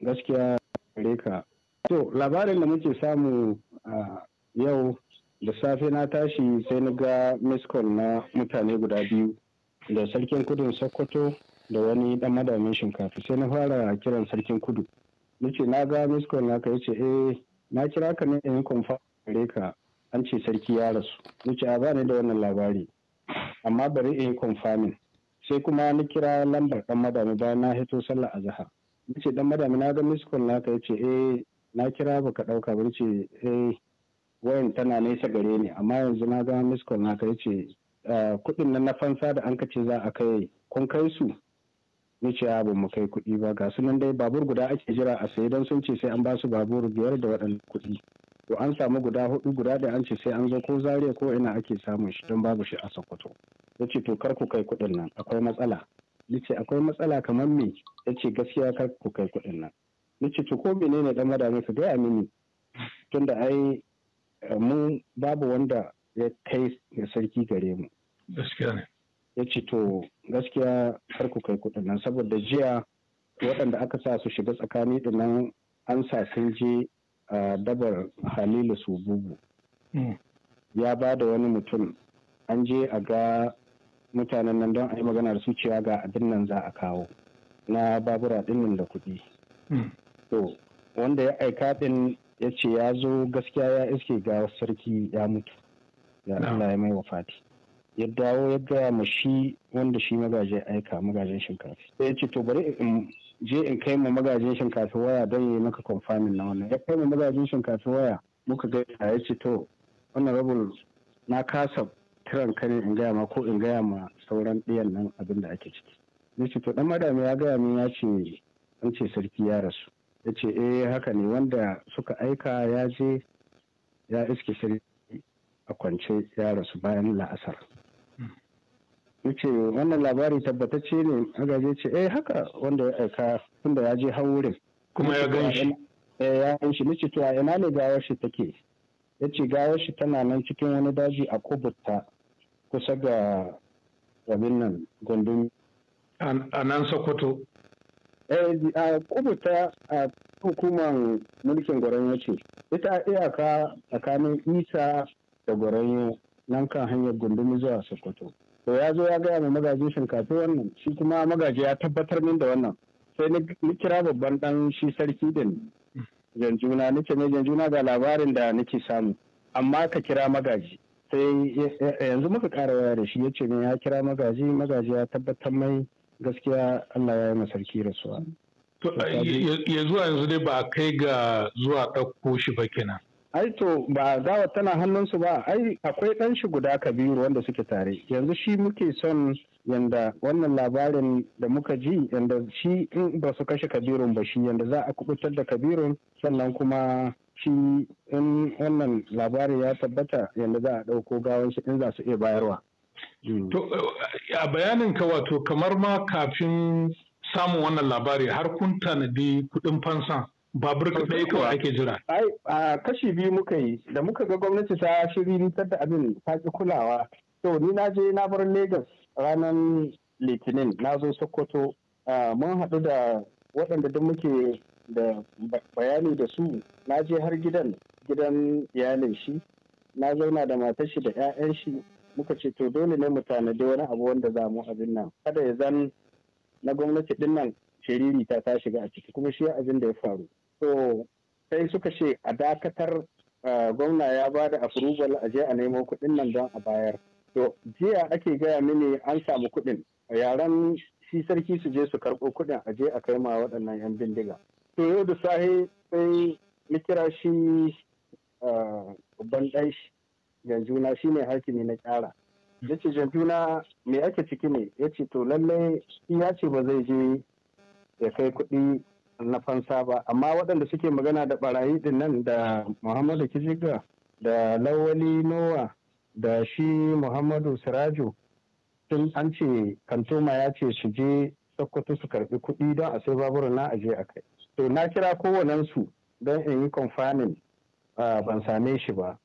gaskiya reka to labarin da muke samu a yau da safe na tashi sai na ga miskon na mutane guda biyu da sarkin kudin sokoto da wani ɗan madamin shinkafa sai na fara kiran sarkin kudu nace na ga miskon na ka yace eh na kira ka ne in kumfa reka an ce sarki ya rasu nace a bani da wannan labari amma bari in yi confirming sai kuma na kira lambar ɗan madamin, bayan na hito sallar azhar nace dan madami na ga miss call naka yace eh na kira ba ka dauka ba yace eh wayan tana nesa gare ni amma yanzu na ga miss call naka yace ah, kudin nan na fansa da an kace za a kai kun kai su ni ya abu mu kai kuɗi ba ga sunan dai babur guda ake jira a sayi dan sun ce sai an ba su babur biyar da waɗannan kuɗi to an samu guda hudu guda da an ce sai an zo ko zaria ko ina ake samun shi don babu shi a sokoto ya to kar ku kai kuɗin nan akwai matsala nace akwai matsala kamar me ya ce gaskiya kar ku kai kuɗin nan nace to ko menene dan madami su gaya mini tunda ai eh, mu babu wanda ya kai sarki gare mu gaskiya ne ce to gaskiya kar ku kai kuɗin nan saboda jiya waɗanda aka sa su shiga tsakani nan an sa sun je dabar halilu su bugu hmm. ya ba da wani mutum an je a ga mutanen nan don a yi magana da su cewa ga abin nan za a kawo na babura dinnan da kuɗi. Hmm. To, wanda ya aika ɗin ya ce ya zo gaskiya ya iske ga sarki ya mutu, ya Allah ya mai wafati. Ya dawo ya gaya ma shi wanda shi magaje aika magajin shinkafi. Sai ya ce to bari in je in kai ma magajin shinkafi waya don yi maka kwamfanin na wannan. Ya kai ma magajin shinkafi waya muka gaisa ya ce to wannan rabul na kasa kiran ka in gaya ma ko in gaya ma sauran ɗiyan nan abin da ake ciki ya ce to dan madami ya gaya min ya ce an ce sarki ya rasu ya ce eh haka ne wanda suka aika ya je ya iske sarki a kwance ya rasu bayan la'asar ya ce wannan labari tabbatacce ne agaje ce eh haka wanda ya aika tunda ya je haurin kuma ya gan shi eh ya gan shi ce to a ina ne gawar shi take ya ce gawar shi tana nan cikin wani daji a kubuta kusa ga abin nan gundun a nan sokoto eh, a kubuta a hukumar mulkin gwaranyo ce ita iyaka tsakanin isa da gwaranyo nan kan hanyar gundumi zuwa sokoto to ya zo ya gaya mai magaji shinkafi wannan shi kuma magaji ya tabbatar min da wannan sai ni kira babban dan shi sarki din mm. janjuna nace mai janjuna ga labarin da nake samu amma ka kira magaji sai yanzu muka kara waya da shi ya ce ya kira magaji magaji ya tabbatar mai gaskiya Allah ya yi masarki rasuwa. ya zuwa yanzu dai ba a kai ga zuwa ɗauko shi ba kina. ai to ba dawa tana hannunsu ba ai akwai ɗan shi guda kabiru wanda suke tare yanzu shi muke son yanda wannan labarin da muka ji yanda shi in ba su kashe kabirun ba shi yanda za a kubutar da kabirun sannan kuma shi in wannan labarin ya tabbata yadda za a ɗauko gawan shi in za su iya bayarwa. Hmm. To a bayanin ka wato kamar ma kafin samun wannan labari har kun tanadi kuɗin fansan babur ɗaya kawai ake jira. Ai a kashi biyu muka yi da muka ga gwamnati ta shiri da abin ta ƙi kulawa. To ni na je na bar Legas ranar Litinin na zo Sokoto mun haɗu da waɗanda duk muke da bayani da su na je har gidan gidan iyalin shi na zauna da matar shi da 'ya'yan shi muka ce to dole ne mu tanadi wani abu wanda za mu abin nan kada ya zan na gwamnati din nan shiriri ta ta shiga a ciki kuma shi abin da ya faru to sai suka ce a dakatar gwamna ya ba da approval a je a nemo kuɗin nan don a bayar to jiya ake gaya mini an samu kuɗin yaren shi sarki su je su karɓo kuɗin a je a kai ma waɗannan 'yan bindiga to yau da sahi sai na kira shi ah, babban ɗan shi na shi ne hakimi na kyara ya ce janjuna me ake ciki ne ya ce to lallai ya ce ba zai je ya kai kuɗi na fansa ba amma waɗanda suke magana da ɓarayi din nan da muhammadu kijiga da lawali nowa da shi muhammadu siraju tun an ce kantoma ya ce su je sokoto su karɓi kuɗi don a sai babura na aje a kai to na kira kowanensu don in yi confirming ban same shi ba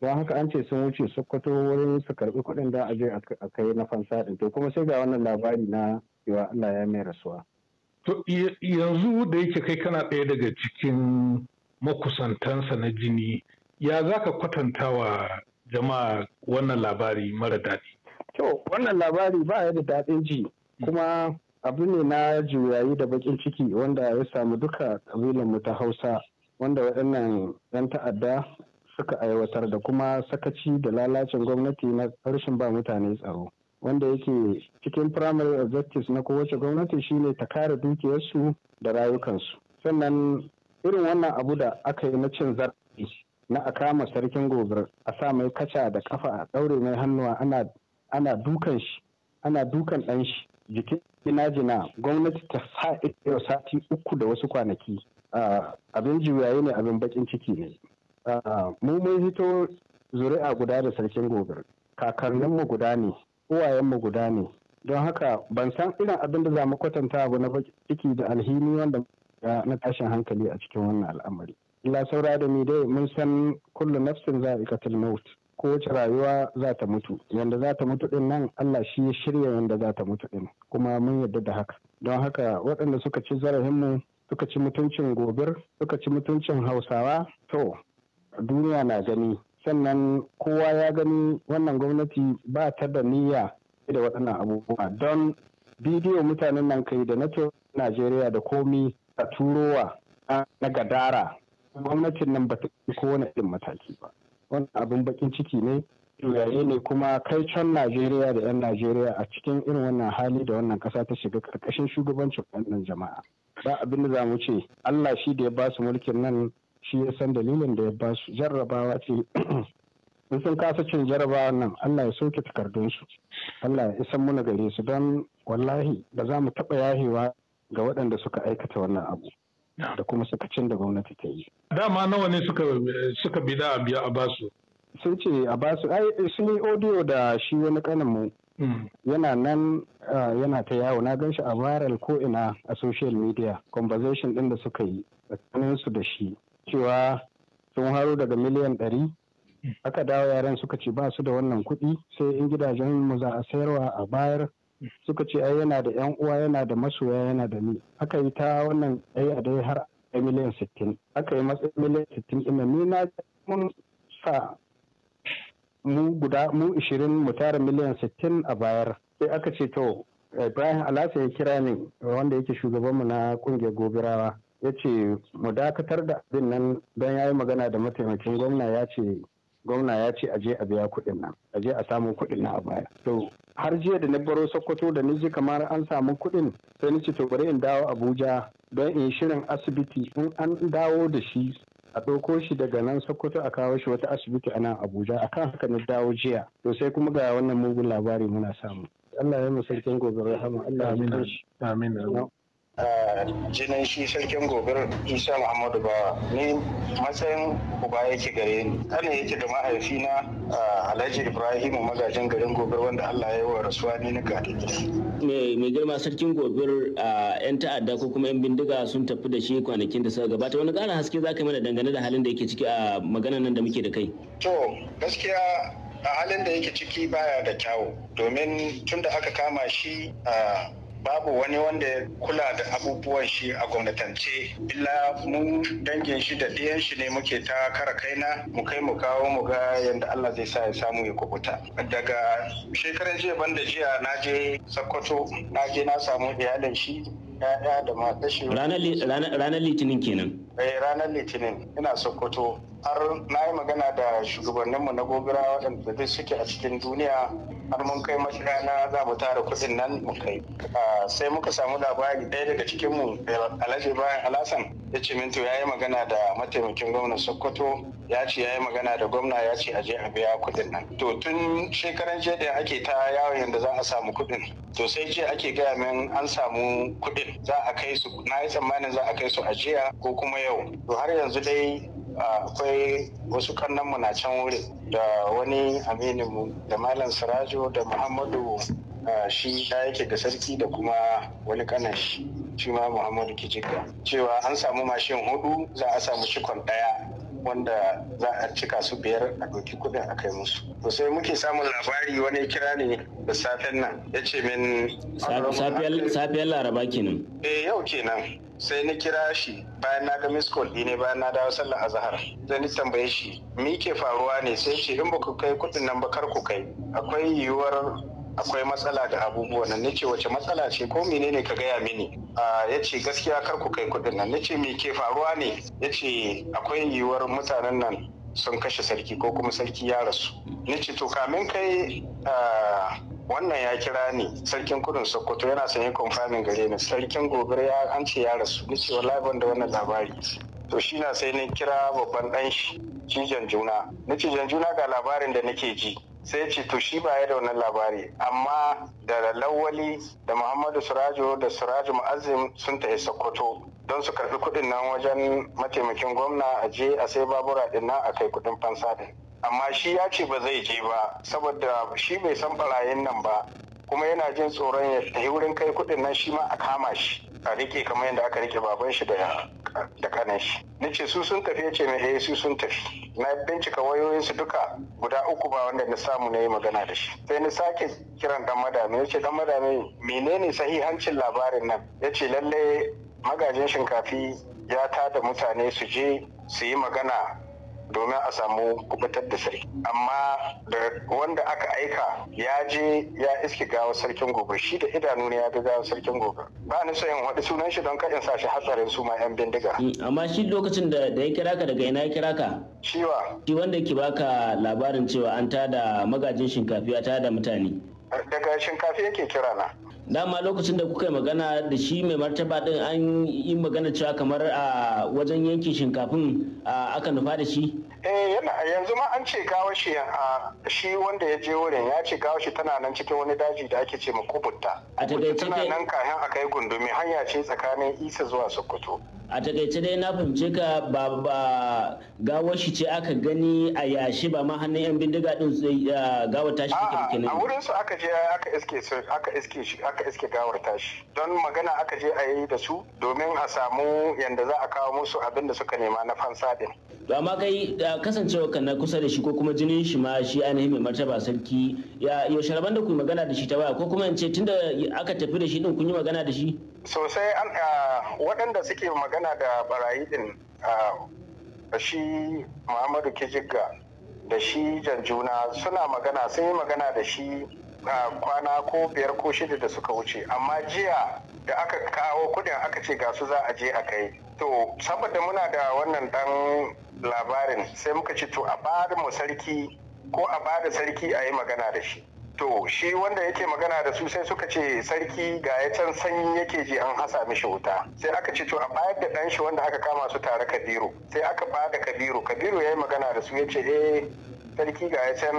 don haka an ce sun wuce sokoto wurin su karbi kuɗin da aje a kai na fansa din to kuma sai ga wannan labari na cewa Allah ya mai rasuwa. To yanzu da yake kai kana ɗaya daga cikin makusantansa na jini ya zaka ka kwatanta wa jama'a wannan labari mara daɗi? To wannan labari ba ya da daɗin ji kuma abu ne na juyayi da bakin ciki wanda ya samu duka mu ta hausa wanda waɗannan 'yan ta'adda suka aiwatar da kuma sakaci da lalacin gwamnati na rashin ba mutane tsaro wanda yake cikin primary objectives na kowace gwamnati shine ta kare dukiyarsu da rayukansu sannan irin wannan abu da aka yi na cin zarafi na a kama sarkin gobar a sa mai kaca da kafa a ɗaure mai hannuwa ana dukan shi ana dukan ɗan jikin ina jina gwamnati ta sa yau sati uku da wasu kwanaki abin juyayi ne abin bakin ciki ne mu mun fito zuri'a guda da sarkin gobe kakanninmu guda ne uwayenmu guda ne don haka ban san irin abin da za mu kwatanta abu na ciki da alhini wanda na tashin hankali a cikin wannan al'amari. Allah saura da ni dai mun san kullu nafsin za a maut kowace rayuwa za ta mutu yanda za ta mutu din nan Allah shi ya shirya yanda za ta mutu din kuma mun yarda da haka don haka waɗanda suka ci zarafin mu, suka ci mutuncin gobir suka ci mutuncin hausawa to duniya na gani sannan kowa ya gani wannan gwamnati ba ta da niyya da waɗannan abubuwa don bidiyo mutanen nan kai da na najeriya da komi a turowa na gadara gwamnatin nan ba ta kowane irin mataki ba wannan abin bakin ciki ne yayi ne kuma kai can najeriya da 'yan najeriya a cikin irin wannan hali da wannan kasa ta shiga karkashin shugabancin wannan jama'a ba abin da zamu ce allah shi da ya ba su mulkin nan shi ya san dalilin da ya ba su jarrabawa ce in sun kasa cin jarrabawa nan allah ya soke takardunsu allah ya isan muna gare su don wallahi ba za mu taɓa yahewa ga waɗanda suka aikata wannan abu da kuma sakacin da gwamnati ta yi. Dama nawa ne suka suka bi da a biya a basu? Sun ce a basu ai sun yi audio da shi wani kanin mu. Hmm. Yana nan yana ta yawo na gan shi a viral ko ina a social media conversation din da suka yi tsakanin su da shi cewa sun haro daga miliyan ɗari hmm. aka dawo yaran suka ce ba su da wannan kuɗi sai in gidajen mu za a sayarwa a bayar suka ce ai yana da yan uwa yana da masoya yana da ni aka yi ta wannan ai a dai har a miliyan sittin aka yi matsayin miliyan sittin ina ni na mun sa mu guda mu ishirin mu tara miliyan sittin a bayar sai aka ce to ibrahim alasa ya kira ni wanda yake shugaban mu na kungiyar gobirawa ya ce mu dakatar da abin nan don ya yi magana da mataimakin gwamna ya ce gwamna ya ce aje a biya kuɗin nan aje a samu kuɗin nan a baya to har jiya da na baro sokoto da ni ji kamar an samu kuɗin sai ni ce to bari in dawo abuja don in shirin asibiti in an dawo da shi a ɗauko shi daga nan sokoto a kawo shi wata asibiti a nan abuja kan haka na dawo jiya to sai kuma ga wannan mugun labari muna samu Allah ya musarkin gobe rahama Allah ya amin Ah, jinin shi sarkin gobir isa muhammadu ba ni matsayin uba yake gare ni ana yake da mahaifina ah, alhaji Ibrahim magajin garin gobir wanda allah ya yi wa rasuwa ni na mai girma sarkin gobir ah, yan ta'adda ko kuma yan bindiga sun tafi da shi kwanakin da suka gabata wani ƙara haske za ka mana dangane da halin da yake ciki a maganan nan da muke da kai to gaskiya a halin da yake ciki baya da kyawu domin tun da aka kama shi a babu wani wanda ya kula da abubuwan shi a gwamnatance illa mu dangin shi da ɗiyan shi ne muke ta kara kaina mu kai mu kawo mu ga yadda Allah zai sa ya samu ya kubuta daga shekaran jiya banda jiya na je Sokoto na je na samu iyalin shi ya'ya da matar shi ranar litinin kenan eh ranar litinin ina Sokoto har na yi magana da shugabanninmu na gobira waɗanda duk suke a cikin duniya har mun kai mashi rana za mu tara kudin nan mu kai ah, sai muka samu labari ɗaya daga cikin mu alhaji bayan alasan ya ce minto ya yi magana da mataimakin gwamnan sokoto ya ce ya yi magana da gwamna ya ce aje a biya kudin nan to tun shekaran jiya da ake ta yawon yadda za a samu kudin to sai jiya ake gaya min an samu kudin za a kai su na yi tsammanin za a kai su a jiya ko kuma yau to har yanzu dai Ah, akwai wasu kannanmu na can wurin da wani aminimu da malam sirajo da muhammadu ah, shi ya yake ga sarki da kuma wani kanan shi shi ma muhammadu kijiga cewa an samu mashin hudu za a samu cikon daya wanda za a cika su biyar a ɗauki kuɗin a kai musu. To sai muke samun labari wani kira ne da safen nan ya ce min. Safiyar Laraba kenan. Eh yau kenan. sai na kira shi bayan na ga miss call ne bayan na dawo sallar azahar zan ni tambaye shi me ke faruwa ne sai ce in ba ku kai kuɗin nan ba kar ku kai akwai yiwuwar akwai matsala da abubuwa nan nace wace matsala ce ko menene ka gaya mini ya ce gaskiya kar ku kai kuɗin nan nace me ke faruwa ne ya ce akwai yiwuwar mutanen nan sun kashe sarki ko kuma sarki ya rasu nace to kamin kai wannan ya kira ni sarkin kudin sokoto yana sanye confirming gare ni sarkin gobe ya an ce ya rasu ni ce wallahi ban da wannan labari to shi na sai ni kira babban dan shi cijan juna ni cijan juna ga labarin da nake ji sai ce to shi ba ya da wannan labari amma da lawali da muhammadu surajo da surajo mu'azzim sun tafi sokoto don su karɓi kudin nan wajen mataimakin gwamna a je a sai babura din a kai kudin fansa din amma shi ya ce ba zai je ba saboda shi bai san barayin nan ba kuma yana jin tsoron ya tafi wurin kai kuɗin nan shi ma a kama shi a rike kamar yadda aka rike baban shi da kanin shi na ce su sun tafi ya ce mai eh, su sun tafi na bincika wayoyinsu duka guda uku ba wanda na samu na yi magana da shi sai na sake kiran dan madami ya ce dan madami menene sahihancin labarin nan ya ce lallai magajin shinkafi ya tada mutane su je su yi magana domin a samu kubutar da sarki amma da wanda aka aika ya je ya iske gawa sarkin gobe shi da idanu ne ya ga gawa sarkin gobe ba ni so in waɗi sunan shi don kaɗin sa shi hatsarin suma yan bindiga mm, amma shi lokacin da ya kira ka daga ina ya kira ka shiwa shi wanda ke baka labarin cewa an tada magajin shinkafi ya tada mutane daga shinkafi yake kira na dama lokacin da kuka yi magana da shi mai martaba din an yi magana cewa kamar a wajen yankin shinkafin aka nufa da shi eh yanzu ma an ce kawo shi a shi wanda ya je wurin ya ce kawo shi tana nan cikin wani daji da ake ce ma kubutta a takaice tana nan kayan a kai gundumi hanya ce tsakanin isa zuwa sokoto a takaice dai na fahimce ka ba ba gawar shi ce aka gani a yashi ba ma hannun yan bindiga din eh, gawar tashi kike kenan a wurin su aka je aka iske su aka iske shi aka aka iske gawar shi don magana aka je a yi da su domin a samu yadda za a kawo musu abin da suka nema na fansa din to amma kai kasancewa ka na kusa da shi ko kuma jinin shi ma shi ainihin mai martaba sarki ya yaushe rabon da ku magana da shi ta waya ko kuma in ce tunda aka tafi da shi din kun yi magana da shi sosai an waɗanda suke magana da barayi din shi muhammadu kijigga da shi janjuna suna magana sai magana da shi A kwana ko biyar ko shida da suka wuce amma jiya da aka kawo kudin aka ce ga su za a je a kai to saboda muna da wannan dan labarin sai muka ce to a bada mu sarki ko a bada sarki a yi magana da shi to shi wanda yake magana da su sai suka ce sarki ga ya can sanyi yake ji an hasa mishi wuta sai aka ce to a bayar da dan wanda aka kama su tare kabiru sai aka bada kabiru kabiru ya yi magana da su ya ce eh sarki ga ya can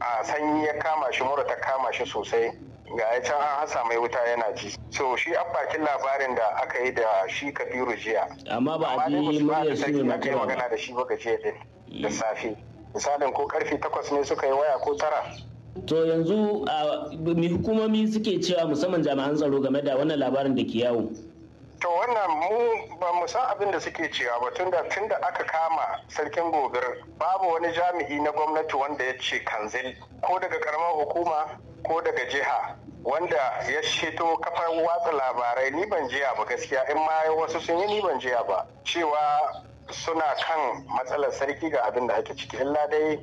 a sanyi ya kama shi mura ta kama shi sosai ga ya can an hasa mai wuta yana ji so shi an labarin da aka yi da shi kabiru jiya amma ba a ji muryar su ne magana da shi ba gajiya din mm. da safe misalin ko karfe takwas ne suka yi waya ko tara to yanzu a hukumomi suke cewa musamman jami'an tsaro game da wannan labarin da ke yawo to wannan mu ba mu san abin da suke cewa ba tunda tunda aka kama sarkin gobir babu wani jami'i na gwamnati wanda ya ce kanzil ko daga karamar hukuma ko daga jiha wanda ya sheto kafar watsa labarai ni ban jiya ba gaskiya in ma wasu sun yi ni ban jiya ba cewa suna kan matsalar sarki ga abin da ake ciki illa dai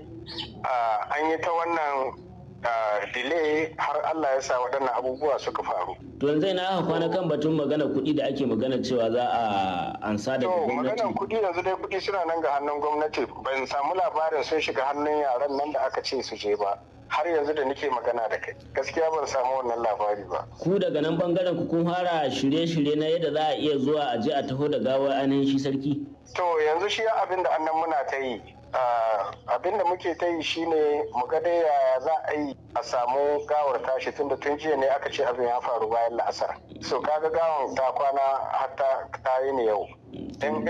ah, an yi ta wannan Da delay har Allah ya sa waɗannan abubuwa suka faru. To yanzu ina aka kwana kan batun magana kuɗi da ake magana cewa za a ansa daga gwamnati. To maganan kuɗi yanzu dai kuɗi suna nan ga hannun gwamnati ban samu labarin sun shiga hannun yaran nan da aka ce su je ba. har yanzu da nake magana da kai gaskiya ban samu wannan labari ba ku daga nan bangaren ku kun fara shirye-shirye na yadda za a iya zuwa a je a taho da gawar ainihin shi sarki to yanzu shi abin da annan muna ta yi Ah, abin da muke ta yi shine mu ga dai yaya za a yi a samu gawar tashi tunda tun jiya ne aka ce abin ya faru bayan la'asar so kaga gawar ta kwana hatta ta yi ne yau in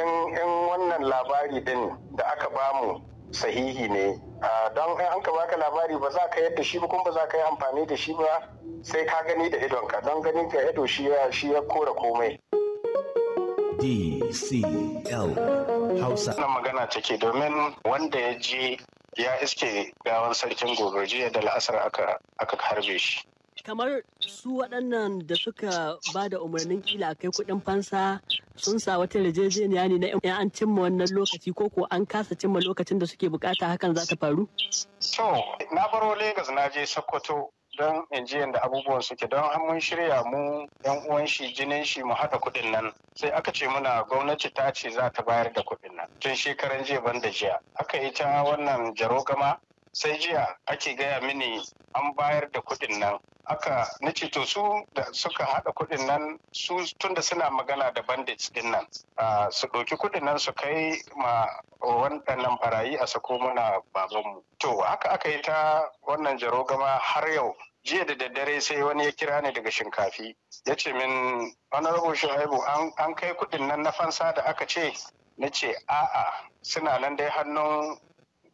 wannan labari din da aka bamu sahihi ne ah, don an ka baka labari ba za ka yadda shi ba kuma ba za ka yi amfani da shi ba sai ka gani da idonka don ganin ka ido shi ya kora komai DCL Hausa. Wannan magana take domin wanda ya je ya iske gawan sarkin gobe jiya da la'asar aka harbe shi. kamar su waɗannan da suka ba da umarnin kila a kai kuɗin fansa sun sa wata yarjejeniya ne na an cimma wannan lokaci ko ko an kasa cimma lokacin da suke bukata hakan za ta faru? To, na baro Legas na je Sokoto don in ji yadda abubuwan suke don har mun shirya mu yan uwan shi jinin shi mu haɗa kuɗin nan sai aka ce muna gwamnati ta ce za ta bayar da kuɗin nan tun shekaran jiya ban da jiya aka yi ta wannan jarogama sai jiya ake gaya mini an bayar da kuɗin nan aka na to su da suka haɗa kuɗin nan su tunda suna magana da bandits din nan su ɗauki kuɗin nan su kai ma wannan barayi a sako mana babanmu to haka aka yi ta wannan jarogama har yau jiya da daddare sai wani ya kira ni daga shinkafi ya ce min honorable shu'aibu an kai kuɗin nan na fansa da aka ce na ce a'a suna nan dai hannun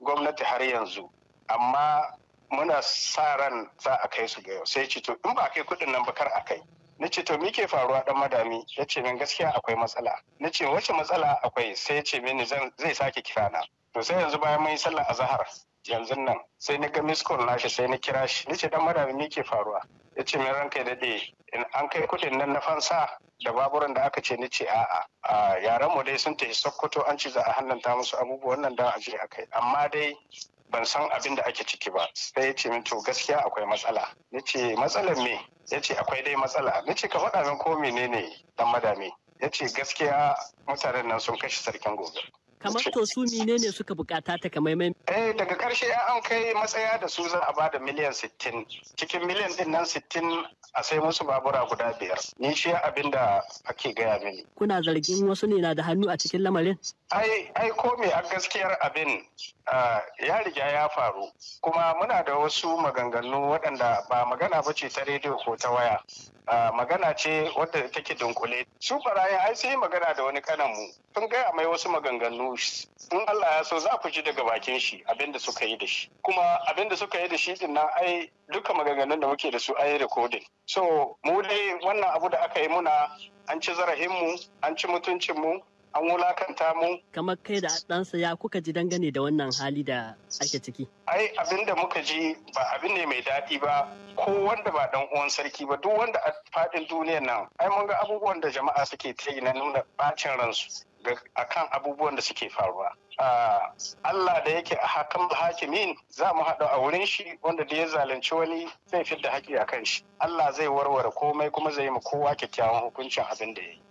gwamnati har yanzu amma muna sa ran za a kai su ga yau sai ce to in ba a kai kuɗin nan ba kar a kai na ce to me ke faruwa dan madami ya ce min gaskiya akwai matsala na ce wace matsala akwai sai ya ce mini zai sake kira na to sai yanzu bayan mun yi sallar azahar yanzu nan sai na ga miskon nashi sai na kira shi nace dan madami me ke faruwa ya ce min ranka dai in an kai kuɗin nan na fansa da baburan da aka ce ni ce a'a a yaran mu dai sun tafi sokoto an ci za a hannanta musu abubuwan nan da a je a kai amma dai ban san abin da ake ciki ba sai ya ce to gaskiya akwai matsala Ya ce matsalar me ya ce akwai dai matsala na ce ka faɗa min ko menene dan madami ya ce gaskiya mutanen nan sun kashe sarkin gobe kamar to su menene suka bukata ta mai eh daga karshe an kai matsaya da su za a bada miliyan 60 cikin miliyan din nan 60 a sai musu babura guda biyar ni shi abin da ake gaya mini kuna zargin wasu ne na da hannu a cikin lamarin ai ai ko me a gaskiyar abin ya riga ya faru kuma muna da wasu maganganu waɗanda ba magana ba ce ta rediyo ko ta waya magana ce wadda take dunkule su barayin ai sai magana da wani kanan mu sun gaya mai wasu maganganu in Allah ya so za ku ji daga bakin shi abinda suka yi da shi kuma abinda suka yi da shi din nan ai duka maganganun da muke da su ai recording so mu dai wannan abu da aka yi muna an ci mu an ci mutuncinmu an wulakanta mu. Kamar kai da ɗansa ya kuka ji dangane da wannan hali da ake ciki? Ai abin da muka ji ba abin ne mai daɗi ba ko wanda ba ɗan uwan sarki ba duk wanda a faɗin duniyar nan. Ai mun ga abubuwan da jama'a suke ta yi na nuna ɓacin ransu kan abubuwan da suke faruwa. Allah da yake a hakan hakimin za mu haɗu a wurin shi wanda da ya zalunci wani zai fidda haƙi a kan shi. Allah zai warware komai kuma zai yi ma kowa kyakkyawan hukuncin abin da ya yi.